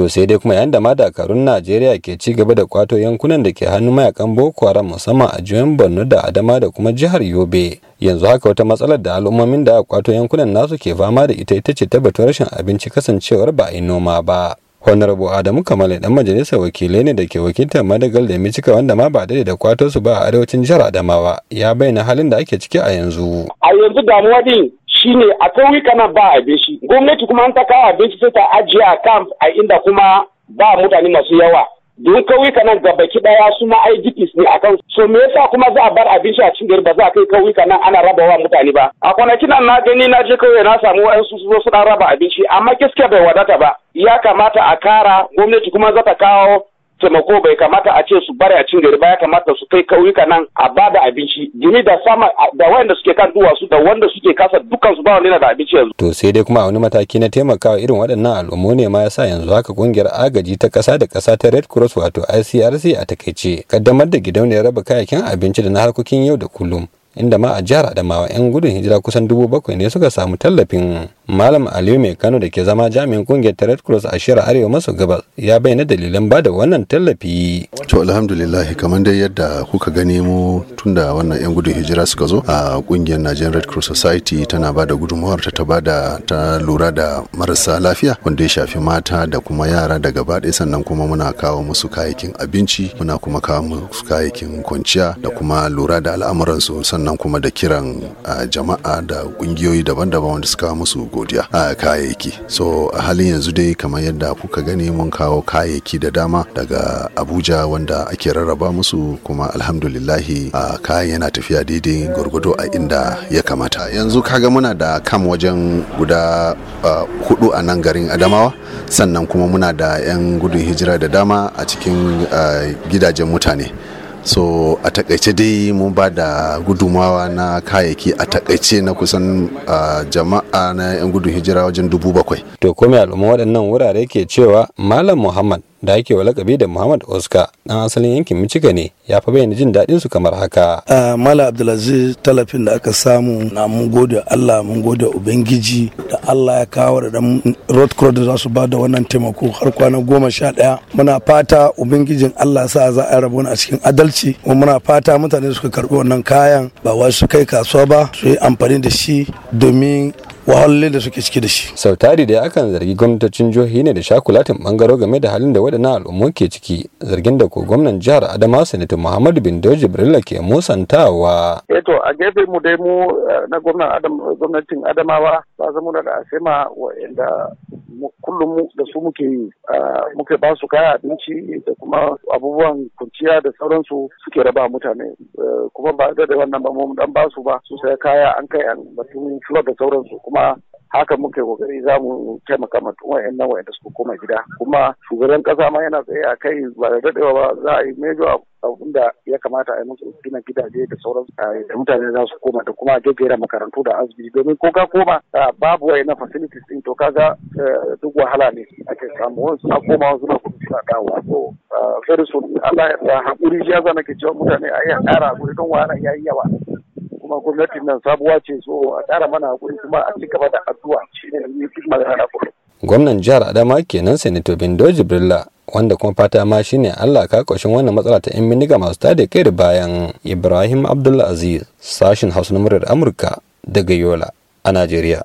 to sai dai kuma yayin da ma dakarun najeriya ke ci gaba da kwato yankunan da ke hannun mayakan boko haram musamman a jihohin borno da adama da kuma jihar yobe yanzu haka wata matsalar da al'ummomin da kwato yankunan nasu ke fama da ita ita ce tabbatar rashin abinci kasancewar ba a yi noma ba honorable adamu kamale dan majalisar wakilai ne da ke wakiltar madagal da micika wanda ma ba daidai da kwato su ba a arewacin jihar adamawa ya bayyana halin da ake ciki a yanzu a yanzu damuwa din shine a wika nan ba abinci gwamnati kuma an ta kawo abinci sai ta ajiye a camp a inda kuma ba mutane masu yawa don kauyuka nan ga baki daya su ma IDPs ne akan so me yasa kuma za a bar abinci a cikin gari ba za a kai kauyuka nan ana raba wa mutane ba a kwanaki nan na gani na je kauye na samu wa'ansu su zo su dan raba abinci amma gaskiya bai wadata ba ya kamata a kara gwamnati kuma za ta kawo taimako bai kamata a ce su bari a cin gari ba ya kamata su kai kauyuka nan a ba da abinci gini da sama da wanda suke kan duwatsu da wanda suke kasa dukkan su ba wani da abinci yanzu. To sai dai kuma a wani mataki na taimakawa irin waɗannan al'ummu ne ma yasa yanzu haka kungiyar agaji ta ƙasa da ƙasa ta Red Cross wato ICRC a takaice kaddamar da gidauniyar raba kayayyakin abinci da na harkokin yau da kullum inda ma a jihar Adamawa 'yan gudun hijira kusan dubu bakwai ne suka samu tallafin Malam Aliyu Mai Kano da ke zama jami'in kungiyar ta Red Cross a shirar Arewa maso gabas ya bayyana dalilan ba da wannan tallafi. To alhamdulillah kamar dai yadda kuka gani mu tun da wannan 'yan gudun hijira suka zo a kungiyar Nigerian Red Cross Society tana ba da gudunmawar ta ta da ta lura da marasa lafiya wanda ya shafi mata da kuma yara da gaba ɗaya sannan kuma muna kawo musu kayayyakin abinci muna kuma kawo musu kayayyakin kwanciya da kuma lura da al'amuransu sannan kuma da kiran jama'a da kungiyoyi daban-daban wanda suka musu godiya a kayayyaki so a halin yanzu dai kamar yadda kuka gani mun kawo kayayyaki da dama daga abuja wanda ake rarraba musu kuma alhamdulillahi a kayan yana tafiya daidai gwargwado a inda ya kamata yanzu kaga muna da kam wajen guda hudu a nan garin adamawa sannan kuma muna da 'yan gudun hijira da dama a cikin gidajen mutane so a takaice dai mun ba da gudumawa na kayayyaki a takaice na kusan jama'a na 'yan gudun hijira wajen dubu bakwai to kome al'umma waɗannan wurare ke cewa malam muhammad da ake wa lakabi da Muhammad Oscar dan asalin yankin Michigan ne ya fa bayyana jin daɗin su kamar haka. Mala Abdulaziz talafin da aka samu na mun gode Allah mun gode Ubangiji da Allah ya kawo da dan Road Cross da za su ba da wannan taimako har kwana goma sha ɗaya. Muna fata Ubangijin Allah sa za a rabu a cikin adalci kuma muna fata mutane suka karɓi wannan kayan ba wai su kai kasuwa ba su yi amfani da shi domin wahalle da suke ciki da shi. sau tari da akan zargi gwamnatocin jihohi ne da shakulatin bangaro game da halin da waɗannan al'ummu ke ciki zargin da ko gwamnan jihar adama sanata muhammadu bin doji birla ke musantawa. eto eh a gefe mu dai mu eh, na gwamnatin adamawa ba zama da asema wa'inda kullum da su muke yi muke ba su kaya abinci da kuma abubuwan kunciya da sauransu suke raba mutane eh, kuma ba da wannan ba mu dan ba su ba su sai kaya an kai an batun shuwa da sauransu kuma haka muke kokari za mu taimaka ma wa'yan nan wa'yan da koma gida kuma shugaban kasa ma yana tsaye a kai ba da dadewa ba za a yi mejo da ya kamata a yi musu gina gidaje da sauran da mutane za su koma da kuma gajera makarantu da asibiti domin ko ka koma babu wai na facilities din to kaga e, duk wahala ne ake samu wasu na koma wasu na kudu suna dawowa so very soon Allah ya haƙuri shi yasa nake cewa mutane a iya ƙara haƙuri don wahala ya yi yawa kuma gwamnatin nan sabuwa ce so a ƙara mana haƙuri kuma a ci gaba da addu'a shi ne magana na kullum. Gwamnan jihar Adama kenan Sanato Bindo Jibrilla wanda kuma fata ma shine Allah ka ƙoshin wannan matsala ta 'yan miniga masu tada kai da bayan Ibrahim Abdullah Aziz sashin Hausa na muryar Amurka daga Yola a Najeriya.